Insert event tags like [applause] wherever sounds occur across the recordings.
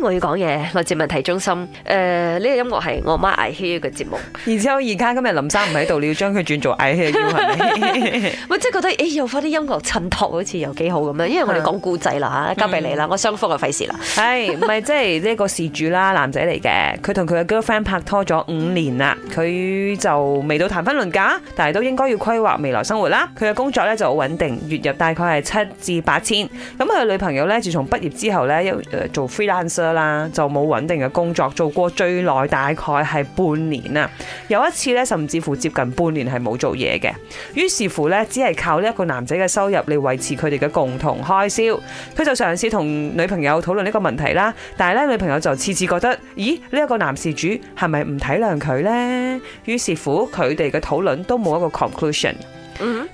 我要講嘢，我接問題中心。誒、呃，呢、這個音樂係我媽 I hear 嘅節目。然之後而家今日林生唔喺度， [laughs] 你要將佢轉做 I hear you？唔係，我真係覺得誒、欸，又放啲音樂襯托，好似又幾好咁樣。因為我哋講故仔啦吓，交俾你啦，嗯、我雙方就費事啦。係， [laughs] 唔係即係呢個事主啦，男仔嚟嘅，佢同佢嘅 girlfriend 拍拖咗五年啦，佢就未到談婚論嫁，但係都應該要規劃未來生活啦。佢嘅工作咧就好穩定，月入大概係七至八千。咁佢女朋友咧，自從畢業之後咧，做 free 啦，就冇穩定嘅工作，做過最耐大概係半年啦。有一次咧，甚至乎接近半年係冇做嘢嘅。於是乎咧，只係靠呢一個男仔嘅收入嚟維持佢哋嘅共同開銷。佢就嘗試同女朋友討論呢個問題啦，但係咧女朋友就次次覺得，咦呢一個男事主係咪唔體諒佢呢？」於是乎，佢哋嘅討論都冇一個 conclusion。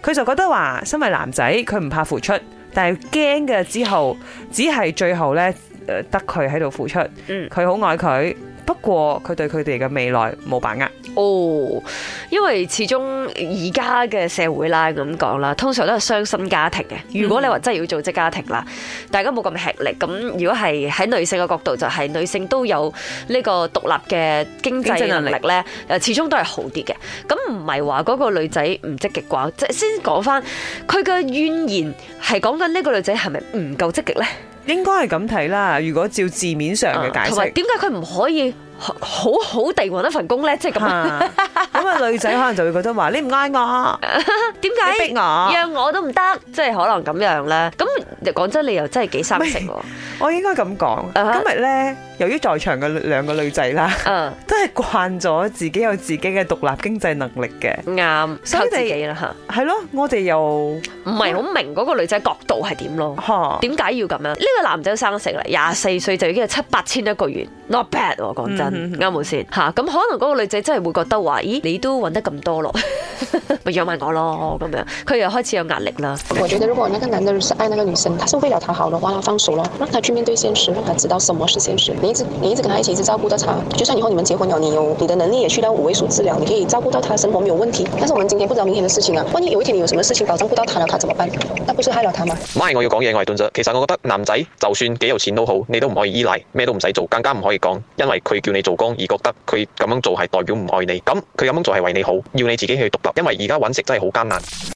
佢就覺得話身為男仔，佢唔怕付出，但係驚嘅之後，只係最後咧。誒，得佢喺度付出，佢好愛佢。不過佢對佢哋嘅未來冇把握。哦，因為始終而家嘅社會啦，咁講啦，通常都係雙薪家庭嘅。如果你話真係要組織家庭啦，嗯、大家冇咁吃力。咁如果係喺女性嘅角度，就係、是、女性都有呢個獨立嘅經濟能力咧。誒，始終都係好啲嘅。咁唔係話嗰個女仔唔積極啩？即先講翻佢嘅怨言，係講緊呢個女仔係咪唔夠積極咧？應該係咁睇啦。如果照字面上嘅解釋，點解佢唔可以好好地揾一份工呢？即係咁啊！咁 [laughs] 啊，女仔可能就會覺得話：你唔愛我，點解、啊、逼我讓我都唔得？即係可能咁樣呢。咁。講真，你又真係幾生性。我應該咁講，uh huh. 今日呢，由於在場嘅兩個女仔啦，uh huh. 都係慣咗自己有自己嘅獨立經濟能力嘅。啱、uh，huh. 所以靠自己啦吓。係咯，我哋又唔係好明嗰個女仔角度係點咯。點點解要咁樣呢、呢個男仔生，生性啦，廿四歲就已經有七八千一個月，not bad。講真、uh，啱唔啱先吓？咁 [laughs] 可能嗰個女仔真係會覺得話：咦，你都搵得咁多咯。 [laughs] 咪養埋我咯，咁樣佢又開始有壓力啦。我覺得如果那個男的係愛那個女生，他是為了她好的話，他放手咯，讓他去面對現實，讓他知道什麼是現實。你一直你一直跟他一起，一直照顧到他，就算以後你們結婚了，你有你的能力也去到五位數治療，你可以照顧到他的生活沒有問題。但是我們今天不知道明天的事情啊，萬一有一天你有什麼事情保障不到他，了，他怎麼辦？那不是害了他嗎？唔係，我要講嘢，我係頓叔。其實我覺得男仔就算幾有錢都好，你都唔可以依賴，咩都唔使做，更加唔可以講，因為佢叫你做工而覺得佢咁樣做係代表唔愛你，咁佢咁樣做係為你好，要你自己去獨立。因為而家搵食真係好艱難。